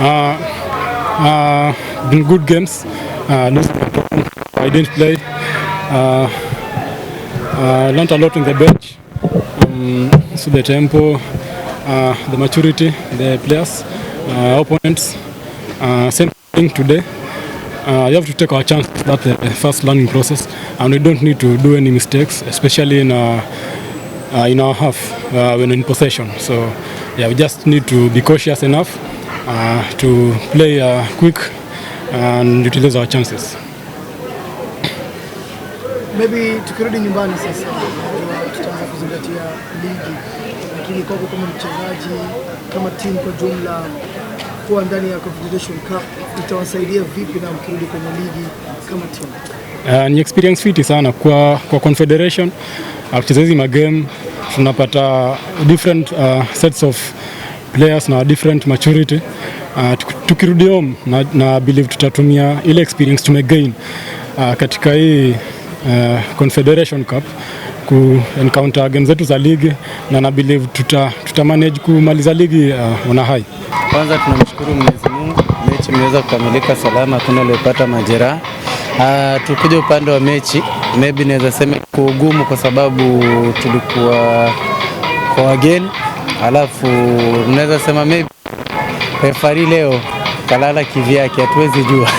uh, uh, been good games uh, I didn't play uh, uh, learned a lot on the bench um, so the tempo uh, the maturity the players uh, opponents uh, same thing today Uh, you have to take our chance that's the first learning process and we don't need to do any mistakes especially in our, uh, uh, in our half uh, when in possession so yeah we just need to be cautious enough Uh, to play uh, quick and utilize our chances. Maybe tukirudi nyumbani sasa uh, tutaanza kuzingatia ligi, lakini kwako kama mchezaji, kama timu kwa jumla, kuwa ndani ya Confederation Cup itawasaidia vipi na mkirudi kwenye ligi kama timu? Uh, ni experience fiti sana kwa, kwa Confederation. Uh, Tucheza hizi magame tunapata different uh, sets of players na different maturity uh, tukirudi home na, na believe tutatumia ile experience tumegain uh, katika hii uh, Confederation Cup ku encounter game zetu za ligi na na believe tuta, tuta manage kumaliza ligi uh, ah, ona hai. Kwanza tunamshukuru Mwenyezi Mungu, mechi imeweza kukamilika salama, hakuna aliyepata majeraha. Uh, tukija upande wa mechi, maybe naweza sema kuugumu kwa sababu tulikuwa kwa wageni alafu unaweza sema maybe refari leo kalala kivyake, hatuwezi jua.